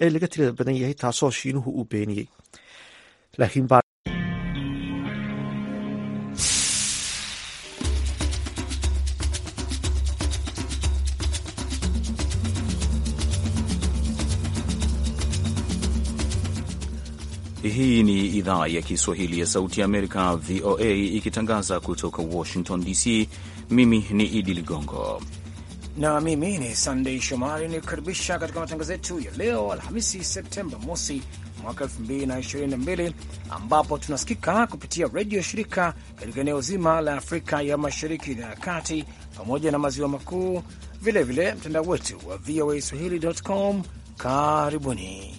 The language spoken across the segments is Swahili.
ee laga tirada badan yahay taasoo shiinuhu uu beeniyey Hii ni idhaa ya Kiswahili ya Sauti ya Amerika, VOA, ikitangaza kutoka Washington DC. Mimi ni Idi Ligongo na mimi ni sandey Shomari nikukaribisha katika matangazo yetu ya leo Alhamisi Septemba mosi mwaka 222 ambapo tunasikika kupitia redio shirika katika eneo zima la Afrika ya Mashariki na ya Kati pamoja na maziwa makuu, vilevile mtandao wetu wa VOA Swahili.com. Karibuni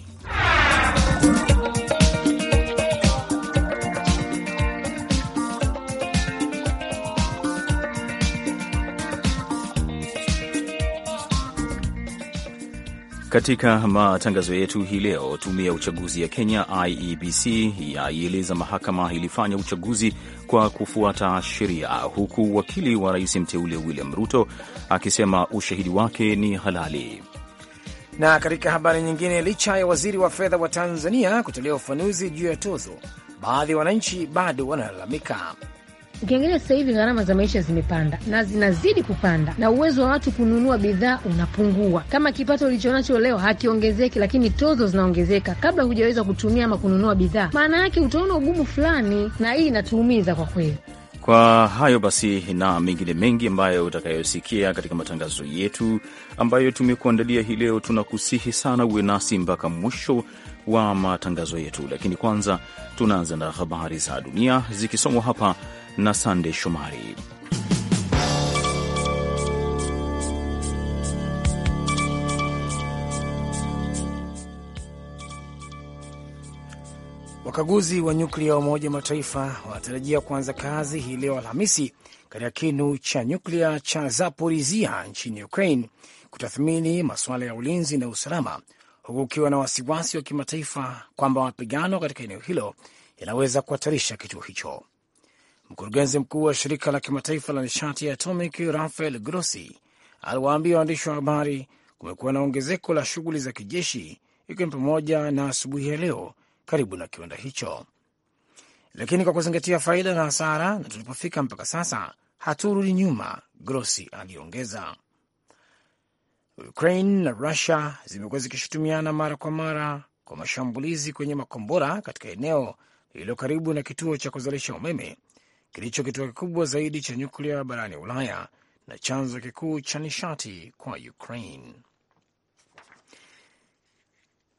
Katika matangazo yetu hii leo, tume ya uchaguzi ya Kenya IEBC yaieleza mahakama ilifanya uchaguzi kwa kufuata sheria, huku wakili wa rais mteule William Ruto akisema ushahidi wake ni halali. Na katika habari nyingine, licha ya waziri wa fedha wa Tanzania kutolea ufanuzi juu ya tozo, baadhi ya wananchi bado wanalalamika. Ukiangalia sasa hivi gharama za maisha zimepanda na zinazidi kupanda, na uwezo wa watu kununua bidhaa unapungua. Kama kipato ulichonacho leo hakiongezeki, lakini tozo zinaongezeka kabla hujaweza kutumia ama kununua bidhaa, maana yake utaona ugumu fulani, na hii inatuumiza kwa kweli. Kwa hayo basi na mengine mengi ambayo utakayosikia katika matangazo yetu ambayo tumekuandalia hii leo, tunakusihi sana uwe nasi mpaka mwisho wa matangazo yetu, lakini kwanza tunaanza na habari za dunia zikisomwa hapa na Sandey Shomari. Wakaguzi wa nyuklia wa Umoja Mataifa wanatarajia kuanza kazi hii leo Alhamisi katika kinu cha nyuklia cha Zaporizia nchini Ukraine kutathmini masuala ya ulinzi na usalama, huku ukiwa na wasiwasi wa kimataifa kwamba mapigano katika eneo hilo yanaweza kuhatarisha kituo hicho. Mkurugenzi mkuu wa shirika la kimataifa la nishati ya atomic Rafael Grossi aliwaambia waandishi wa habari kumekuwa na ongezeko la shughuli za kijeshi, ikiwa ni pamoja na asubuhi ya leo karibu na kiwanda hicho. Lakini kwa kuzingatia faida na hasara, na tulipofika mpaka sasa, haturudi nyuma, Grossi aliongeza. Ukraine na russia zimekuwa zikishutumiana mara kwa mara kwa mashambulizi kwenye makombora katika eneo lililo karibu na kituo cha kuzalisha umeme kilicho kituo kikubwa zaidi cha nyuklia barani Ulaya na chanzo kikuu cha nishati kwa Ukraine.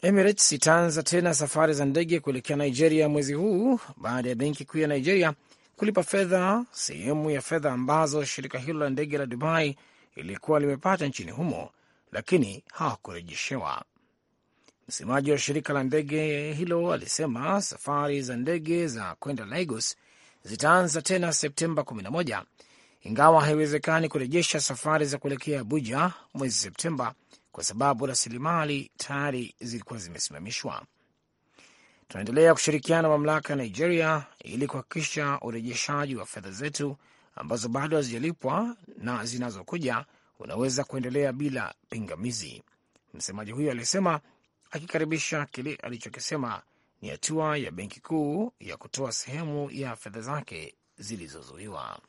Emirates itaanza tena safari za ndege kuelekea Nigeria mwezi huu baada ya benki kuu ya Nigeria kulipa fedha sehemu ya fedha ambazo shirika hilo la ndege la Dubai lilikuwa limepata nchini humo, lakini hawakurejeshewa. Msemaji wa shirika la ndege hilo alisema safari za ndege za kwenda Lagos zitaanza tena Septemba 11 ingawa haiwezekani kurejesha safari za kuelekea Abuja mwezi Septemba kwa sababu rasilimali tayari zilikuwa zimesimamishwa. Tunaendelea kushirikiana na mamlaka ya Nigeria ili kuhakikisha urejeshaji wa fedha zetu ambazo bado hazijalipwa na zinazokuja unaweza kuendelea bila pingamizi, msemaji huyo alisema, akikaribisha kile alichokisema ni hatua ya benki kuu ya kutoa sehemu ya fedha zake zilizozuiwa.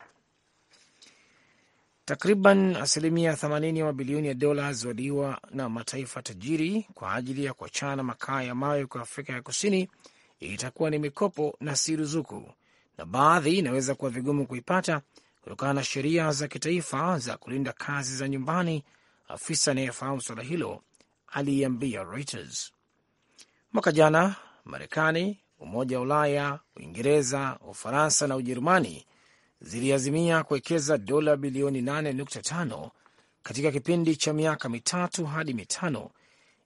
Takriban asilimia 80 ya mabilioni ya dola zualiwa na mataifa tajiri kwa ajili ya kuachana makaa ya mawe kwa Afrika ya Kusini itakuwa ni mikopo na si ruzuku, na baadhi inaweza kuwa vigumu kuipata kutokana na sheria za kitaifa za kulinda kazi za nyumbani. Afisa anayefahamu suala hilo aliiambia Reuters mwaka jana Marekani, Umoja wa Ulaya, Uingereza, Ufaransa na Ujerumani ziliazimia kuwekeza dola bilioni 8.5 katika kipindi cha miaka mitatu hadi mitano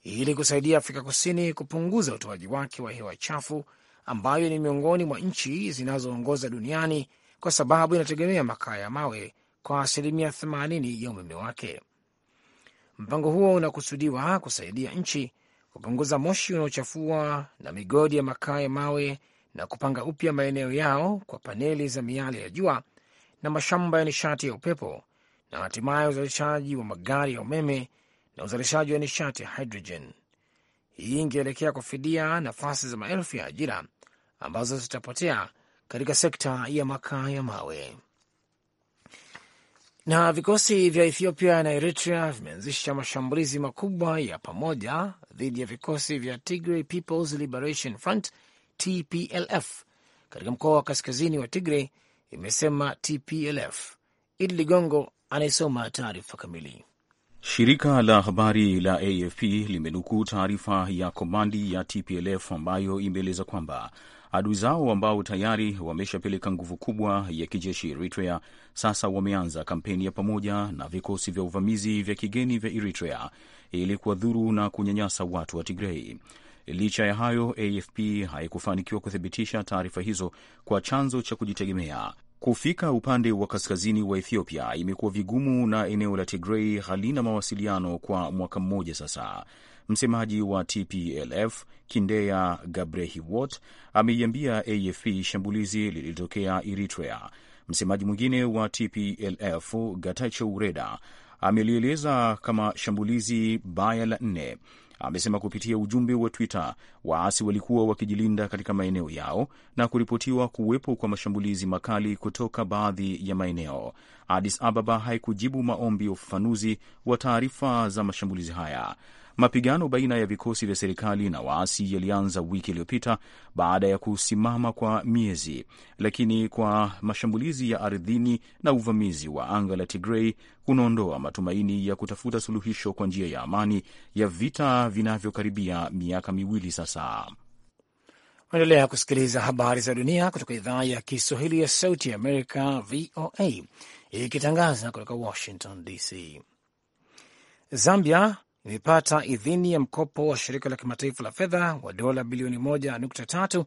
ili kusaidia Afrika Kusini kupunguza utoaji wake wa hewa chafu ambayo ni miongoni mwa nchi zinazoongoza duniani kwa sababu inategemea makaa ya mawe kwa asilimia 80 ya umeme wake. Mpango huo unakusudiwa kusaidia nchi kupunguza moshi unaochafua na migodi ya makaa ya mawe na kupanga upya maeneo yao kwa paneli za miale ya jua na mashamba ya nishati ya upepo na hatimaye uzalishaji wa magari ya umeme na uzalishaji wa nishati ya hidrojen. Hii ingeelekea kufidia nafasi za maelfu ya ajira ambazo zitapotea katika sekta ya makaa ya mawe. Na vikosi vya Ethiopia na Eritrea vimeanzisha mashambulizi makubwa ya pamoja dhidi ya vikosi vya Tigray People's Liberation Front TPLF katika mkoa wa kaskazini wa Tigray, imesema TPLF. Idi Ligongo anayesoma taarifa kamili. Shirika la habari la AFP limenukuu taarifa ya komandi ya TPLF ambayo imeeleza kwamba Adui zao ambao tayari wameshapeleka nguvu kubwa ya kijeshi Eritrea, sasa wameanza kampeni ya pamoja na vikosi vya uvamizi vya kigeni vya Eritrea ili kuwadhuru na kunyanyasa watu wa Tigrei. Licha ya hayo, AFP haikufanikiwa kuthibitisha taarifa hizo kwa chanzo cha kujitegemea. Kufika upande wa kaskazini wa Ethiopia imekuwa vigumu na eneo la Tigrei halina mawasiliano kwa mwaka mmoja sasa. Msemaji wa TPLF Kindeya Gabrehiwot ameiambia AFP shambulizi lilitokea Eritrea. Msemaji mwingine wa TPLF Gatacho Ureda amelieleza kama shambulizi baya la nne. Amesema kupitia ujumbe wa Twitter waasi walikuwa wakijilinda katika maeneo yao na kuripotiwa kuwepo kwa mashambulizi makali kutoka baadhi ya maeneo. Addis Ababa haikujibu maombi ya ufafanuzi wa taarifa za mashambulizi haya. Mapigano baina ya vikosi vya serikali na waasi yalianza wiki iliyopita baada ya kusimama kwa miezi, lakini kwa mashambulizi ya ardhini na uvamizi wa anga la Tigrei kunaondoa matumaini ya kutafuta suluhisho kwa njia ya amani ya vita vinavyokaribia miaka miwili sasa. Endelea kusikiliza habari za dunia kutoka idhaa ya Kiswahili ya Sauti ya Amerika, VOA, ikitangaza kutoka Washington DC. Zambia imepata idhini ya mkopo wa shirika la kimataifa la fedha wa dola bilioni 1.3,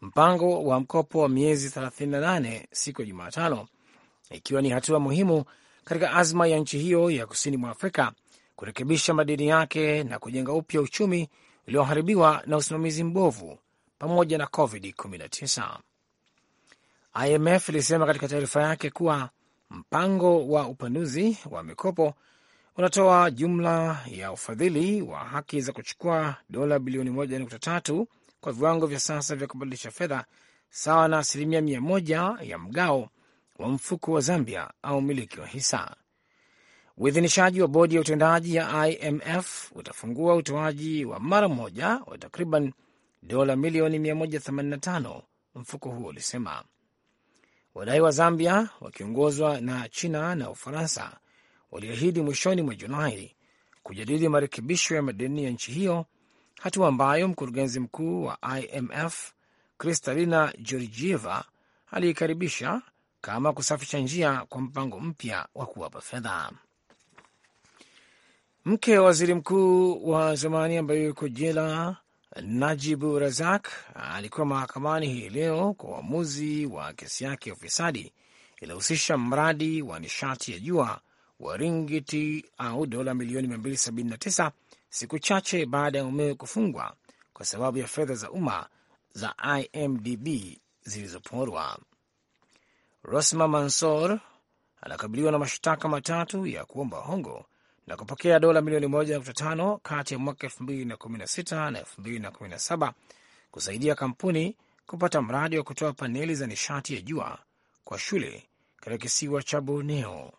mpango wa mkopo wa miezi 38 siku ya Jumatano, ikiwa ni hatua muhimu katika azma ya nchi hiyo ya kusini mwa Afrika kurekebisha madeni yake na kujenga upya uchumi ulioharibiwa na usimamizi mbovu pamoja na COVID-19. IMF ilisema katika taarifa yake kuwa mpango wa upanuzi wa mikopo unatoa jumla ya ufadhili wa haki za kuchukua dola bilioni 1.3 kwa viwango vya sasa vya kubadilisha fedha, sawa na asilimia mia moja ya mgao wa mfuko wa Zambia au miliki wa hisa. Uidhinishaji wa bodi ya utendaji ya IMF utafungua utoaji wa mara moja wa takriban dola milioni 185, mfuko huo ulisema. Wadai wa Zambia wakiongozwa na China na Ufaransa waliahidi mwishoni mwa Julai kujadili marekebisho ya madeni ya nchi hiyo, hatua ambayo mkurugenzi mkuu wa IMF Kristalina Georgieva aliikaribisha kama kusafisha njia kwa mpango mpya wa kuwapa fedha. Mke wa waziri mkuu wa zamani ambaye yuko jela Najibu Razak alikuwa mahakamani hii leo kwa uamuzi wa kesi yake ya ufisadi iliyohusisha mradi wa nishati ya jua wa ringiti au dola milioni 279 siku chache baada ya umeme kufungwa kwa sababu ya fedha za umma za IMDB zilizoporwa. Rosma Mansor anakabiliwa na mashtaka matatu ya kuomba hongo na kupokea dola milioni 1.5 kati ya mwaka 2016 na 2017 kusaidia kampuni kupata mradi wa kutoa paneli za nishati ya jua kwa shule katika kisiwa cha Borneo.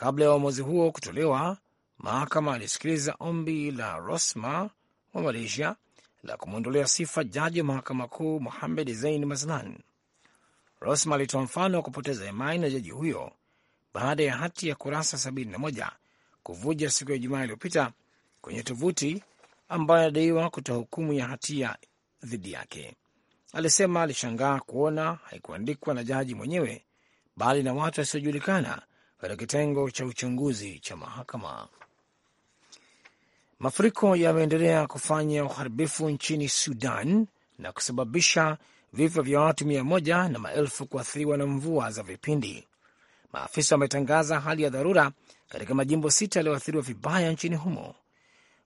Kabla ya uamuzi huo kutolewa, mahakama alisikiliza ombi la Rosma wa Malaysia la kumwondolea sifa jaji wa mahakama kuu muhamed zein maslan Rosma alitoa mfano wa kupoteza imani na jaji huyo baada ya hati ya kurasa 71 kuvuja siku ya Ijumaa iliyopita kwenye tovuti ambayo anadaiwa kutoa hukumu ya hatia dhidi yake. Alisema alishangaa kuona haikuandikwa na jaji mwenyewe bali na watu wasiojulikana katika kitengo cha uchunguzi cha mahakama. Mafuriko yameendelea kufanya uharibifu nchini Sudan na kusababisha vifo vya watu mia moja na maelfu kuathiriwa na mvua za vipindi. Maafisa wametangaza hali ya dharura katika majimbo sita yaliyoathiriwa vibaya nchini humo.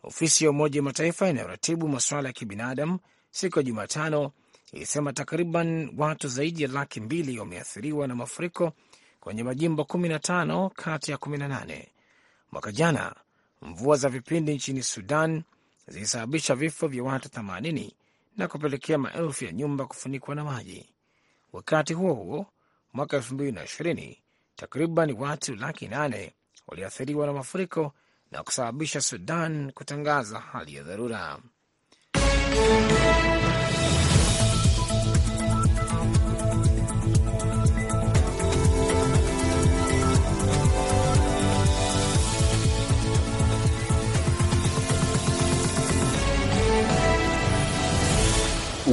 Ofisi ya Umoja wa Mataifa inayoratibu masuala ya kibinadamu siku ya Jumatano ilisema takriban watu zaidi ya laki mbili wameathiriwa na mafuriko kwenye majimbo 15 kati ya 18. Mwaka jana mvua za vipindi nchini Sudan zilisababisha vifo vya watu 80 na kupelekea maelfu ya nyumba kufunikwa na maji. Wakati huo huo, mwaka 2020 takriban watu laki 8 waliathiriwa na mafuriko na kusababisha Sudan kutangaza hali ya dharura.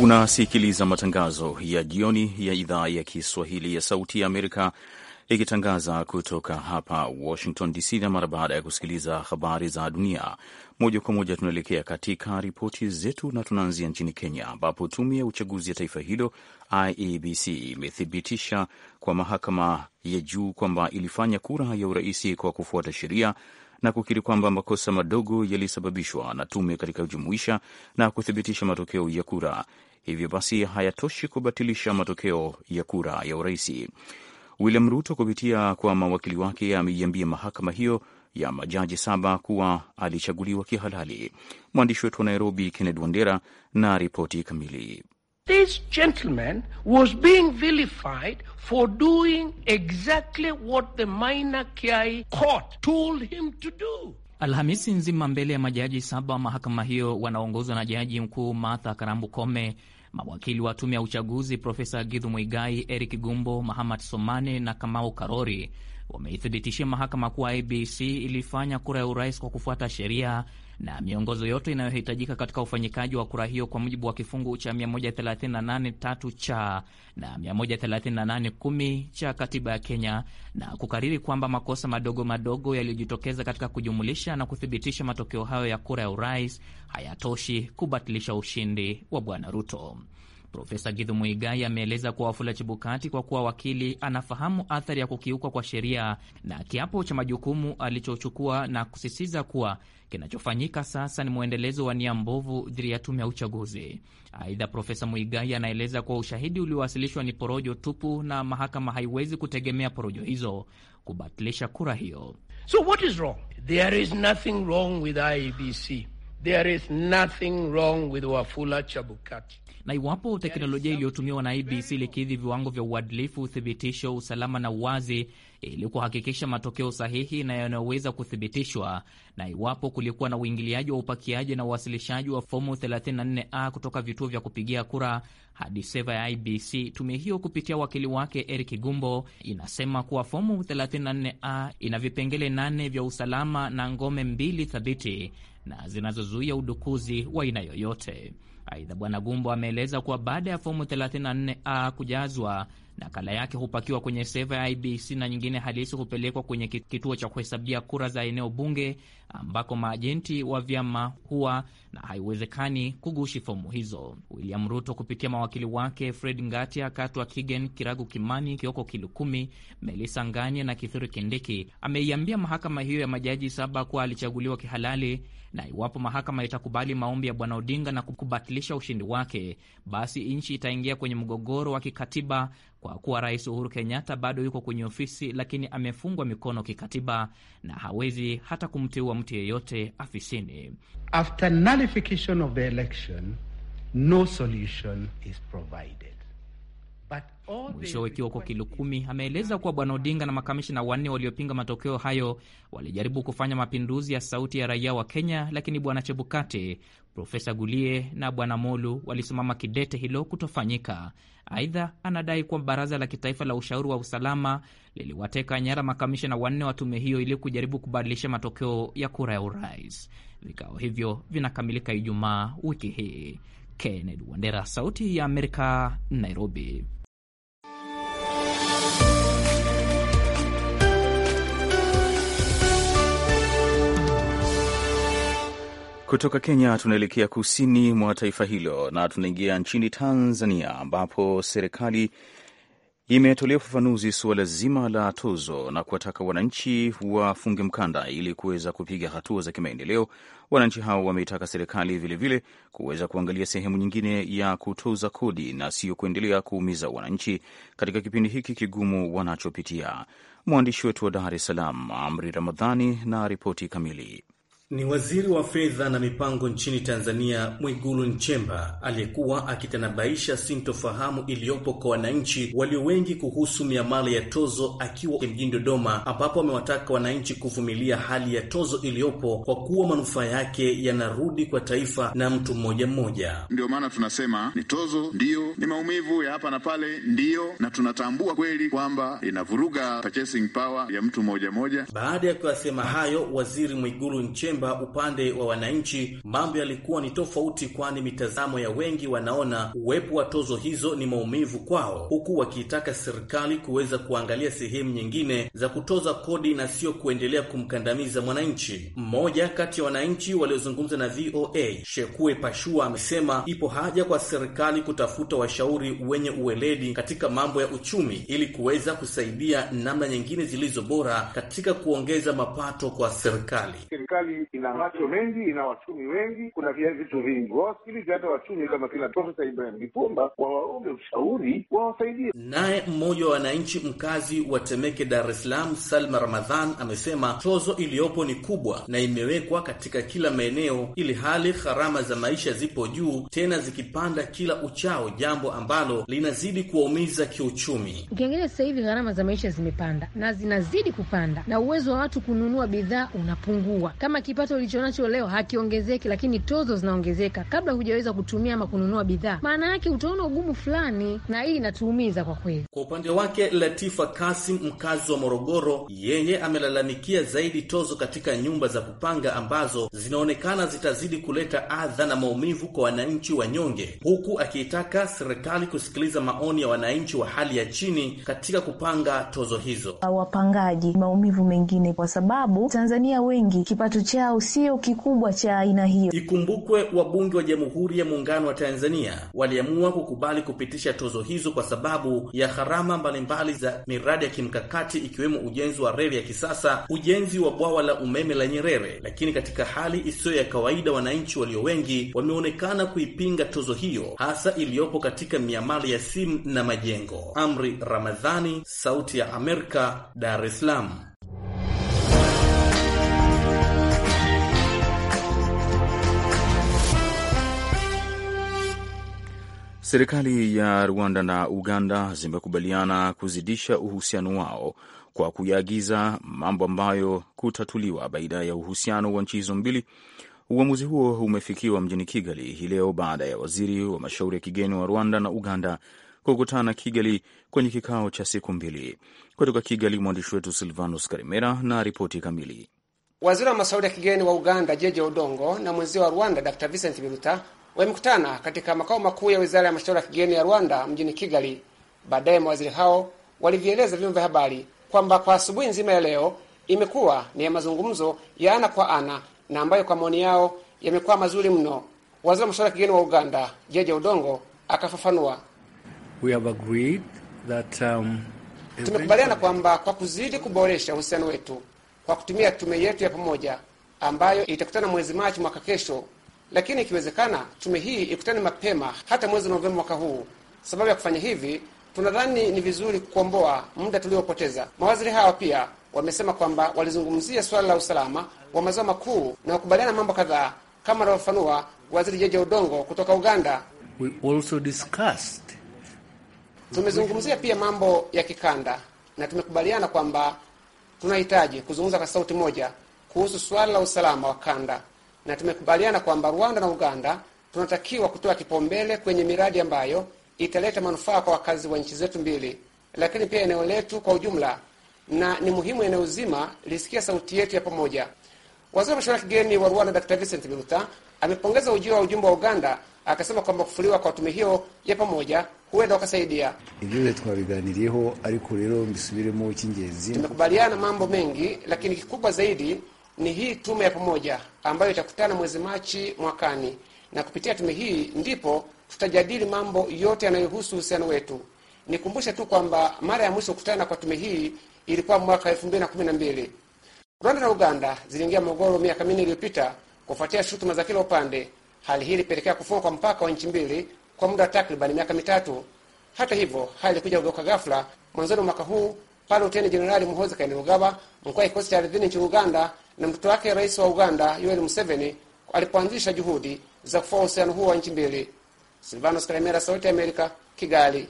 Unasikiliza matangazo ya jioni ya idhaa ya Kiswahili ya Sauti ya Amerika ikitangaza kutoka hapa Washington DC. Na mara baada ya kusikiliza habari za dunia moja kwa moja, tunaelekea katika ripoti zetu na tunaanzia nchini Kenya, ambapo tume ya uchaguzi ya taifa hilo IEBC imethibitisha kwa mahakama ya juu kwamba ilifanya kura ya uraisi kwa kufuata sheria na kukiri kwamba makosa madogo yalisababishwa na tume katika kujumuisha na kuthibitisha matokeo ya kura hivyo basi hayatoshi kubatilisha matokeo ya kura ya uraisi. William Ruto kupitia kwa mawakili wake ameiambia mahakama hiyo ya majaji saba kuwa alichaguliwa kihalali. Mwandishi wetu wa Nairobi, Kenneth Wandera na ripoti kamili. This gentleman was being vilified for doing exactly what the Minor Kiai court told him to do. Alhamisi nzima mbele ya majaji saba wa mahakama hiyo wanaongozwa na jaji mkuu Martha Karambu Kome, mawakili wa tume ya uchaguzi Profesa Githu Mwigai, Eric Gumbo, Mahamad Somane na Kamau Karori wameithibitishia mahakama kuwa IBC ilifanya kura ya urais kwa kufuata sheria na miongozo yote inayohitajika katika ufanyikaji wa kura hiyo kwa mujibu wa kifungu cha 138.3 cha na 138.10 cha katiba ya Kenya, na kukariri kwamba makosa madogo madogo yaliyojitokeza katika kujumulisha na kuthibitisha matokeo hayo ya kura ya urais hayatoshi kubatilisha ushindi wa Bwana Ruto. Profesa Githu Muigai ameeleza kuwa Wafula Chibukati, kwa kuwa wakili, anafahamu athari ya kukiukwa kwa sheria na kiapo cha majukumu alichochukua, na kusisitiza kuwa kinachofanyika sasa ni mwendelezo wa nia mbovu dhidi ya tume ya uchaguzi. Aidha, Profesa Muigai anaeleza kuwa ushahidi uliowasilishwa ni porojo tupu na mahakama haiwezi kutegemea porojo hizo kubatilisha kura hiyo. So what is wrong? There is nothing wrong with There is nothing wrong with Wafula na iwapo teknolojia iliyotumiwa na IBC ilikidhi viwango vya uadilifu, uthibitisho, usalama na uwazi ili kuhakikisha matokeo sahihi na yanayoweza kuthibitishwa, na iwapo kulikuwa na uingiliaji wa upakiaji na uwasilishaji wa fomu 34A kutoka vituo vya kupigia kura hadi seva ya IBC, tume hiyo kupitia wakili wake Eric Gumbo inasema kuwa fomu 34A ina vipengele nane vya usalama na ngome mbili thabiti na zinazozuia udukuzi wa aina yoyote. Aidha, Bwana Gumbo ameeleza kuwa baada ya fomu 34A kujazwa nakala yake hupakiwa kwenye seva ya IBC na nyingine halisi hupelekwa kwenye kituo cha kuhesabia kura za eneo bunge ambako maajenti wa vyama huwa na haiwezekani kugushi fomu hizo. William Ruto kupitia mawakili wake Fred Ngatia, Katwa Kigen, Kiragu Kimani, Kioko Kilukumi, Melisa Ngania na Kithuri Kindiki ameiambia mahakama hiyo ya majaji saba kuwa alichaguliwa kihalali na iwapo mahakama itakubali maombi ya bwana Odinga na kubatilisha ushindi wake, basi nchi itaingia kwenye mgogoro wa kikatiba kwa kuwa Rais Uhuru Kenyatta bado yuko kwenye ofisi, lakini amefungwa mikono kikatiba na hawezi hata kumteua mtu yeyote afisini. After nullification of the election, no solution is provided. Mwishowe, ikiwa uko ameeleza kuwa bwana Odinga na makamishina wanne waliopinga matokeo hayo walijaribu kufanya mapinduzi ya sauti ya raia wa Kenya, lakini bwana Chebukate, Profesa Gulie na bwana Molu walisimama kidete hilo kutofanyika. Aidha, anadai kuwa baraza la kitaifa la ushauri wa usalama liliwateka nyara makamishina wanne wa tume hiyo ili kujaribu kubadilisha matokeo ya kura ya urais. Vikao hivyo vinakamilika Ijumaa wiki hii. Kennedy Wandera, Sauti ya Amerika, Nairobi. Kutoka Kenya tunaelekea kusini mwa taifa hilo na tunaingia nchini Tanzania, ambapo serikali imetolea ufafanuzi suala zima la tozo na kuwataka wananchi wafunge mkanda ili kuweza kupiga hatua za kimaendeleo. Wananchi hao wameitaka serikali vilevile kuweza kuangalia sehemu nyingine ya kutoza kodi na sio kuendelea kuumiza wananchi katika kipindi hiki kigumu wanachopitia. Mwandishi wetu wa Dar es Salaam, Amri Ramadhani, na ripoti kamili. Ni waziri wa fedha na mipango nchini Tanzania, Mwigulu Nchemba, aliyekuwa akitanabaisha sintofahamu iliyopo kwa wananchi walio wengi kuhusu miamala ya tozo akiwa mjini Dodoma, ambapo amewataka wananchi kuvumilia hali ya tozo iliyopo kwa kuwa manufaa yake yanarudi kwa taifa na mtu mmoja mmoja. Ndio maana tunasema ni tozo, ndiyo ni maumivu ya hapa na pale, ndiyo, na tunatambua kweli kwamba inavuruga purchasing power ya mtu mmoja mmoja. Baada ya kuyasema hayo, waziri Mwigulu Nchemba Zanzibar, upande wa wananchi mambo yalikuwa ni tofauti, kwani mitazamo ya wengi wanaona uwepo wa tozo hizo ni maumivu kwao, huku wakiitaka serikali kuweza kuangalia sehemu nyingine za kutoza kodi na sio kuendelea kumkandamiza mwananchi. Mmoja kati ya wananchi waliozungumza na VOA, Shekue Pashua, amesema ipo haja kwa serikali kutafuta washauri wenye uweledi katika mambo ya uchumi ili kuweza kusaidia namna nyingine zilizo bora katika kuongeza mapato kwa serikali. Serikali ina macho mengi, ina wachumi wengi, kuna vitu vingi. Wawasikilize hata wachumi kama kina Profesa Ibrahim Lipumba, wawaombe ushauri, wawasaidie. Naye mmoja wa wananchi mkazi wa Temeke, Dar es Salaam, Salma Ramadhan amesema tozo iliyopo ni kubwa na imewekwa katika kila maeneo, ili hali gharama za maisha zipo juu, tena zikipanda kila uchao, jambo ambalo linazidi kuwaumiza kiuchumi. Ukiangalia sasa hivi gharama za maisha zimepanda na zinazidi kupanda, na uwezo wa watu kununua bidhaa unapungua kama kipa kipato ulichonacho leo hakiongezeki, lakini tozo zinaongezeka kabla hujaweza kutumia ama kununua bidhaa, maana yake utaona ugumu fulani, na hii inatuumiza kwa kweli. Kwa upande wake, Latifa Kasim, mkazi wa Morogoro, yeye amelalamikia zaidi tozo katika nyumba za kupanga ambazo zinaonekana zitazidi kuleta adha na maumivu kwa wananchi wanyonge, huku akiitaka serikali kusikiliza maoni ya wananchi wa hali ya chini katika kupanga tozo hizo. Wapangaji maumivu mengine, kwa sababu Tanzania wengi kipato chao chao sio kikubwa cha aina hiyo. Ikumbukwe wabunge wa Jamhuri ya Muungano wa Tanzania waliamua kukubali kupitisha tozo hizo kwa sababu ya gharama mbalimbali za miradi ya kimkakati ikiwemo ujenzi wa reli ya kisasa, ujenzi wa bwawa la umeme la Nyerere. Lakini katika hali isiyo ya kawaida, wananchi walio wengi wameonekana kuipinga tozo hiyo, hasa iliyopo katika miamala ya simu na majengo. Amri Ramadhani, Sauti ya Amerika, Dar es Salaam. Serikali ya Rwanda na Uganda zimekubaliana kuzidisha uhusiano wao kwa kuyaagiza mambo ambayo kutatuliwa baina ya uhusiano wa nchi hizo mbili. Uamuzi huo umefikiwa mjini Kigali hii leo baada ya waziri wa mashauri ya kigeni wa Rwanda na Uganda kukutana Kigali kwenye kikao cha siku mbili. Kutoka Kigali, mwandishi wetu Silvanus Karimera na ripoti kamili. Waziri wa mashauri ya kigeni wa Uganda Jeje Odongo na mwenzio wa Rwanda Dr Vincent Biruta wamekutana katika makao makuu ya wizara ya mashauri ya kigeni ya Rwanda mjini Kigali. Baadaye mawaziri hao walivieleza vyombo vya habari kwamba kwa asubuhi nzima ya leo imekuwa ni ya mazungumzo ya ana kwa ana na ambayo kwa maoni yao yamekuwa mazuri mno. Waziri wa mashauri ya kigeni wa Uganda Jeje udongo akafafanua, We have agreed that, um, tumekubaliana kwamba kwa kuzidi kuboresha uhusiano wetu kwa kutumia tume yetu ya pamoja ambayo itakutana mwezi Machi mwaka kesho lakini ikiwezekana tume hii ikutane mapema hata mwezi Novemba mwaka huu. Sababu ya kufanya hivi, tunadhani ni vizuri kukomboa muda tuliopoteza. Mawaziri hawa pia wamesema kwamba walizungumzia suala la usalama wa mazao makuu na wakubaliana mambo kadhaa, kama anavyofanua waziri Jeje udongo kutoka Uganda. We also discussed... tumezungumzia pia mambo ya kikanda na tumekubaliana kwamba tunahitaji kuzungumza kwa sauti moja kuhusu suala la usalama wa kanda na tumekubaliana kwamba Rwanda na Uganda tunatakiwa kutoa kipaumbele kwenye miradi ambayo italeta manufaa kwa wakazi wa nchi zetu mbili, lakini pia eneo letu kwa ujumla, na ni muhimu eneo zima lisikia sauti yetu ya pamoja. Waziri wa mashauri ya kigeni wa Rwanda Dr Vincent Biruta amepongeza ujio wa ujumbe wa Uganda, akasema kwamba kufuliwa kwa tume hiyo ya pamoja huenda wakasaidia. Tumekubaliana mambo mengi, lakini kikubwa zaidi ni hii tume ya pamoja ambayo itakutana mwezi Machi mwakani, na kupitia tume hii ndipo tutajadili mambo yote yanayohusu uhusiano wetu. Nikumbushe tu kwamba mara ya mwisho kukutana kwa tume hii ilikuwa mwaka elfu mbili na na kumi mbili. Rwanda na Uganda ziliingia mgogoro miaka minne iliyopita kufuatia shutuma za kila upande. Hali hii ilipelekea kufungwa kwa mpaka wa nchi mbili kwa muda wa takribani miaka mitatu. Hata hivyo, hali ilikuja kugeuka ghafla mwanzoni mwa mwaka huu pale Luteni Jenerali Muhoozi Kainerugaba, mkuu wa kikosi cha ardhini nchini Uganda na mtoto wake Rais wa Uganda Yoweri Museveni alipoanzisha juhudi za kufua uhusiano huo wa nchi mbili. Silvanos Kalemera, Sauti ya Amerika, Kigali.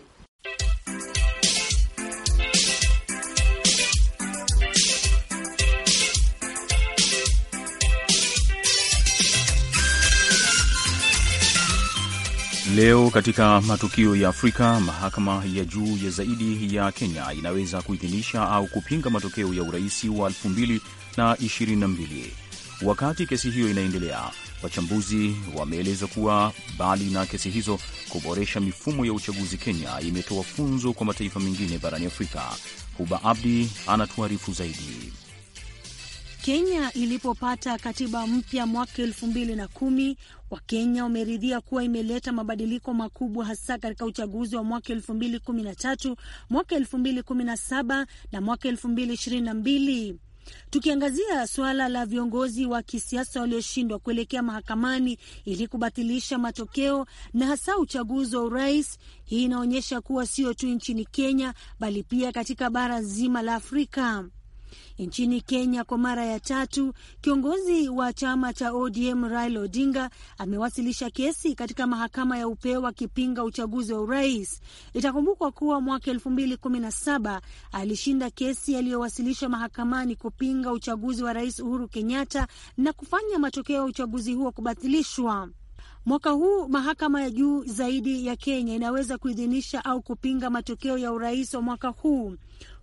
Leo katika matukio ya Afrika, mahakama ya juu ya zaidi ya Kenya inaweza kuidhinisha au kupinga matokeo ya urais wa 2022. Wakati kesi hiyo inaendelea, wachambuzi wameeleza kuwa mbali na kesi hizo, kuboresha mifumo ya uchaguzi Kenya imetoa funzo kwa mataifa mengine barani Afrika. Huba Abdi anatuarifu zaidi. Kenya ilipopata katiba mpya mwaka elfu mbili na kumi Wakenya wameridhia kuwa imeleta mabadiliko makubwa hasa katika uchaguzi wa mwaka elfu mbili kumi na tatu mwaka elfu mbili kumi na saba na mwaka elfu mbili ishirini na mbili Tukiangazia suala la viongozi wa kisiasa walioshindwa kuelekea mahakamani ili kubatilisha matokeo na hasa uchaguzi wa urais, hii inaonyesha kuwa sio tu nchini Kenya bali pia katika bara zima la Afrika. Nchini Kenya, kwa mara ya tatu, kiongozi wa chama cha ODM Raila Odinga amewasilisha kesi katika mahakama ya upeo akipinga uchaguzi wa urais. Itakumbukwa kuwa mwaka elfu mbili kumi na saba alishinda kesi aliyowasilisha mahakamani kupinga uchaguzi wa Rais Uhuru Kenyatta na kufanya matokeo ya uchaguzi huo kubatilishwa. Mwaka huu mahakama ya juu zaidi ya Kenya inaweza kuidhinisha au kupinga matokeo ya urais wa mwaka huu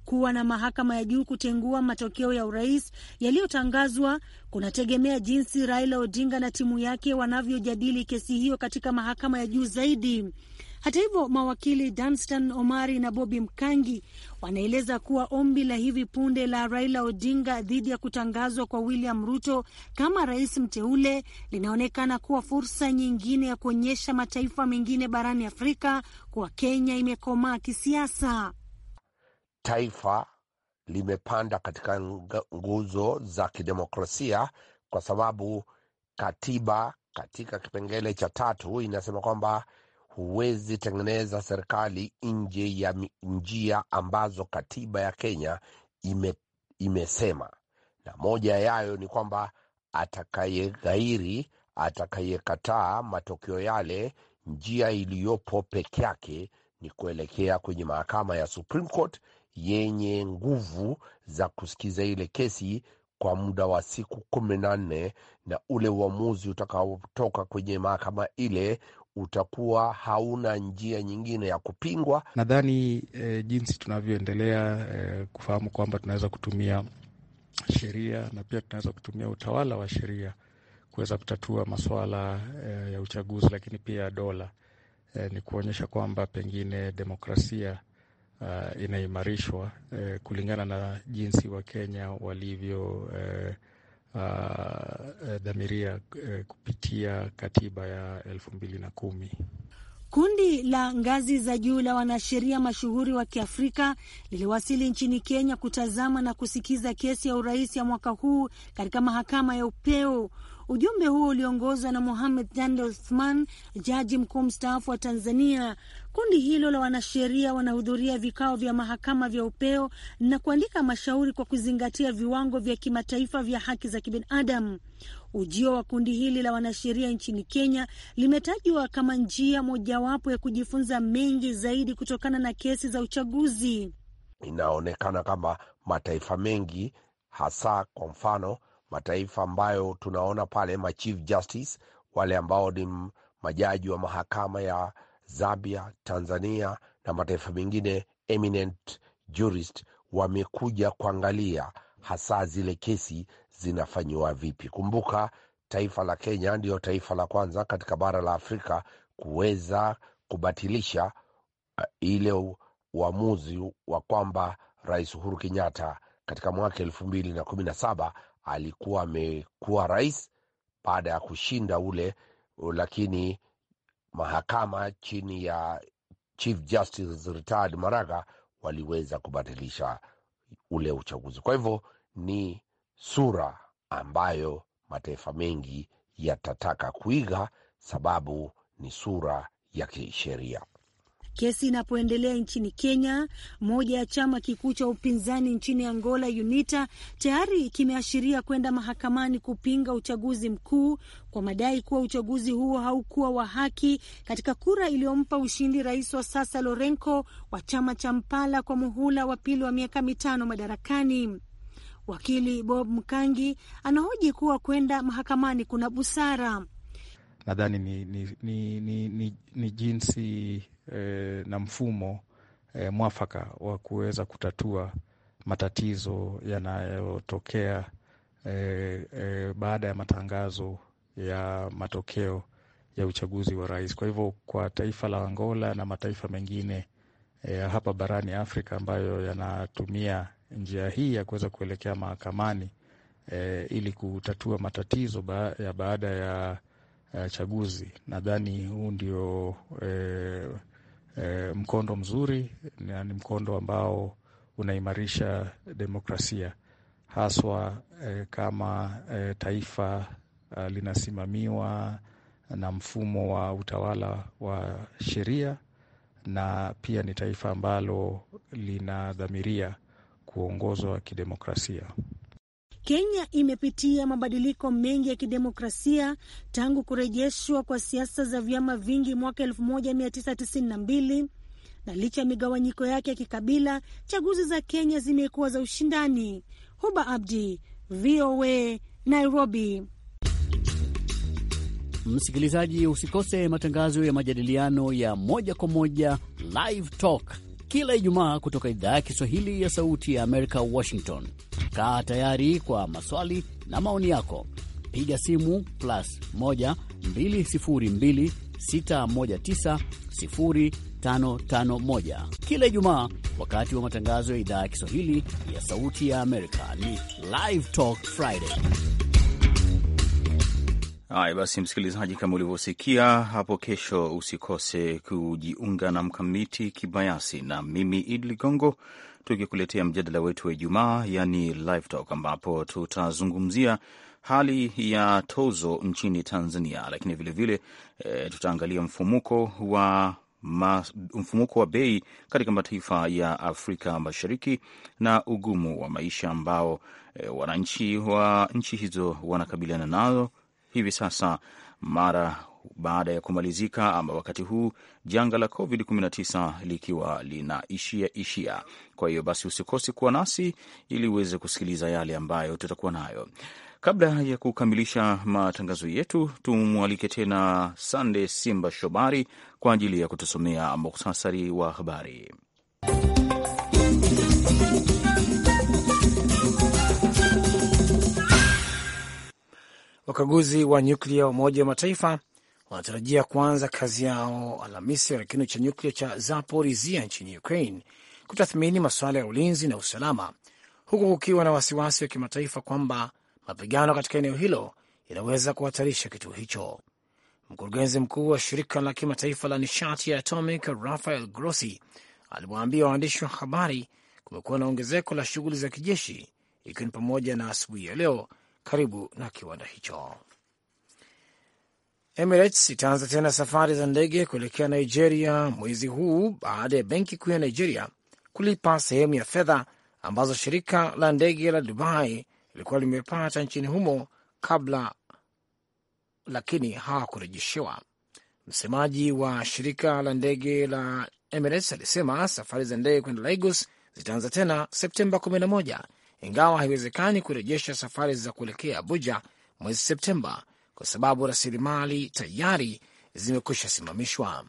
kuwa na mahakama ya juu kutengua matokeo ya urais yaliyotangazwa kunategemea jinsi Raila Odinga na timu yake wanavyojadili kesi hiyo katika mahakama ya juu zaidi. Hata hivyo, mawakili Danstan Omari na Bobi Mkangi wanaeleza kuwa ombi la hivi punde la Raila Odinga dhidi ya kutangazwa kwa William Ruto kama rais mteule linaonekana kuwa fursa nyingine ya kuonyesha mataifa mengine barani Afrika kuwa Kenya imekomaa kisiasa taifa limepanda katika nguzo za kidemokrasia kwa sababu katiba katika kipengele cha tatu inasema kwamba huwezi tengeneza serikali nje ya njia ambazo katiba ya Kenya ime, imesema na moja yayo ni kwamba atakayeghairi, atakayekataa matokeo yale, njia iliyopo peke yake ni kuelekea kwenye mahakama ya Supreme Court yenye nguvu za kusikiza ile kesi kwa muda wa siku kumi na nne na ule uamuzi utakaotoka kwenye mahakama ile utakuwa hauna njia nyingine ya kupingwa. Nadhani e, jinsi tunavyoendelea e, kufahamu kwamba tunaweza kutumia sheria na pia tunaweza kutumia utawala wa sheria kuweza kutatua masuala e, eh, ya uchaguzi, lakini pia dola e, ni kuonyesha kwamba pengine demokrasia uh, inaimarishwa uh, kulingana na jinsi Wakenya walivyodhamiria uh, uh, uh, kupitia katiba ya elfu mbili na kumi. Kundi la ngazi za juu la wanasheria mashuhuri wa Kiafrika liliwasili nchini Kenya kutazama na kusikiza kesi ya urais ya mwaka huu katika mahakama ya upeo Ujumbe huo uliongozwa na Mohamed Dande Othman, jaji mkuu mstaafu wa Tanzania. Kundi hilo la wanasheria wanahudhuria vikao vya mahakama vya upeo na kuandika mashauri kwa kuzingatia viwango vya kimataifa vya haki za kibinadamu. Ujio wa kundi hili la wanasheria nchini Kenya limetajwa kama njia mojawapo ya kujifunza mengi zaidi kutokana na kesi za uchaguzi. Inaonekana kama mataifa mengi hasa, kwa mfano mataifa ambayo tunaona pale ma chief justice wale ambao ni majaji wa mahakama ya Zambia, Tanzania na mataifa mengine eminent jurist wamekuja kuangalia hasa zile kesi zinafanyiwa vipi. Kumbuka taifa la Kenya ndiyo taifa la kwanza katika bara la Afrika kuweza kubatilisha eh, ile uamuzi wa kwamba Rais Uhuru Kenyatta katika mwaka elfu mbili na kumi na saba alikuwa amekuwa rais baada ya kushinda ule, lakini mahakama chini ya Chief Justice Richard Maraga waliweza kubatilisha ule uchaguzi. Kwa hivyo ni sura ambayo mataifa mengi yatataka kuiga, sababu ni sura ya kisheria. Kesi inapoendelea nchini Kenya, moja ya chama kikuu cha upinzani nchini Angola, UNITA, tayari kimeashiria kwenda mahakamani kupinga uchaguzi mkuu kwa madai kuwa uchaguzi huo haukuwa wa haki katika kura iliyompa ushindi rais wa sasa lorenko wa chama cha Mpala kwa muhula wa pili wa miaka mitano madarakani. Wakili Bob Mkangi anahoji kuwa kwenda mahakamani kuna busara. Nadhani ni, ni, ni, ni, ni, ni jinsi Eh, na mfumo e, mwafaka wa kuweza kutatua matatizo yanayotokea e, e, baada ya matangazo ya matokeo ya uchaguzi wa rais. Kwa hivyo kwa taifa la Angola na mataifa mengine e, hapa barani Afrika ambayo yanatumia njia hii ya kuweza kuelekea mahakamani e, ili kutatua matatizo ba ya baada ya, ya chaguzi, nadhani huu ndio e, e, mkondo mzuri na ni mkondo ambao unaimarisha demokrasia haswa e, kama e, taifa a, linasimamiwa na mfumo wa utawala wa sheria na pia ni taifa ambalo linadhamiria kuongozwa kidemokrasia. Kenya imepitia mabadiliko mengi ya kidemokrasia tangu kurejeshwa kwa siasa za vyama vingi mwaka 1992 na licha ya migawanyiko yake ya kikabila, chaguzi za Kenya zimekuwa za ushindani. Huba Abdi, VOA, Nairobi. Msikilizaji, usikose matangazo ya majadiliano ya moja kwa moja, Live Talk, kila Ijumaa kutoka idhaa ya Kiswahili ya Sauti ya Amerika, Washington. Kaa tayari kwa maswali na maoni yako, piga simu plus 1 kila Ijumaa wakati wa matangazo ya idhaa ya Kiswahili ya Sauti ya Amerika. Ni Live Talk Friday. Haya basi, msikilizaji, kama ulivyosikia hapo, kesho usikose kujiunga na Mkamiti Kibayasi na mimi Idi Ligongo tukikuletea mjadala wetu wa Ijumaa, yani live talk, ambapo tutazungumzia hali ya tozo nchini Tanzania, lakini vilevile e, eh, tutaangalia mfumuko wa Ma, mfumuko wa bei katika mataifa ya Afrika Mashariki na ugumu wa maisha ambao e, wananchi wa nchi hizo wanakabiliana nazo hivi sasa mara baada ya kumalizika ama wakati huu janga la COVID-19 likiwa linaishia ishia. Kwa hiyo basi usikose kuwa nasi ili uweze kusikiliza yale ambayo tutakuwa nayo. Kabla ya kukamilisha matangazo yetu, tumwalike tena Sande Simba shobari kwa ajili ya kutusomea muhtasari wa habari. Wakaguzi wa nyuklia wa Umoja wa Mataifa wanatarajia kuanza kazi yao Alhamisi katika kinu cha nyuklia cha Zaporizia nchini Ukraine kutathmini masuala ya ulinzi na usalama, huku kukiwa na wasiwasi wa kimataifa kwamba mapigano katika eneo hilo yanaweza kuhatarisha kituo hicho. Mkurugenzi mkuu wa shirika la kimataifa la nishati ya atomic Rafael Grossi aliwaambia waandishi wa habari kumekuwa na ongezeko la shughuli za kijeshi ikiwa ni pamoja na asubuhi ya leo karibu na kiwanda hicho. Emirates itaanza tena safari za ndege kuelekea Nigeria mwezi huu baada ya benki kuu ya Nigeria kulipa sehemu ya fedha ambazo shirika la ndege la Dubai lilikuwa limepata nchini humo kabla, lakini hawakurejeshewa. Msemaji wa shirika la ndege la Emirates alisema safari za ndege kwenda Lagos zitaanza tena Septemba 11 ingawa haiwezekani kurejesha safari za kuelekea Abuja mwezi Septemba kwa sababu rasilimali tayari zimekwisha simamishwa.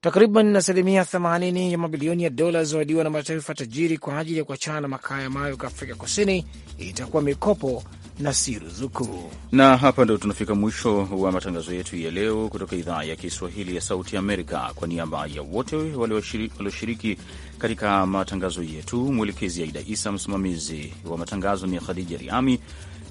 Takriban asilimia 80 ya mabilioni ya dola zinazoahidiwa na mataifa tajiri kwa ajili ya kuachana na makaa ya mawe kwa Afrika Kusini itakuwa mikopo na si ruzuku. Na hapa ndo tunafika mwisho wa matangazo yetu ya leo kutoka idhaa ya Kiswahili ya Sauti Amerika. Kwa niaba ya wote walioshiriki katika matangazo yetu, mwelekezi Aida Isa, msimamizi wa matangazo ni Khadija Riami.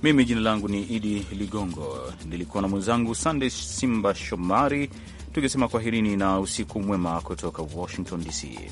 Mimi jina langu ni Idi Ligongo, nilikuwa na mwenzangu Sande Simba Shomari, tukisema kwaherini na usiku mwema kutoka Washington DC.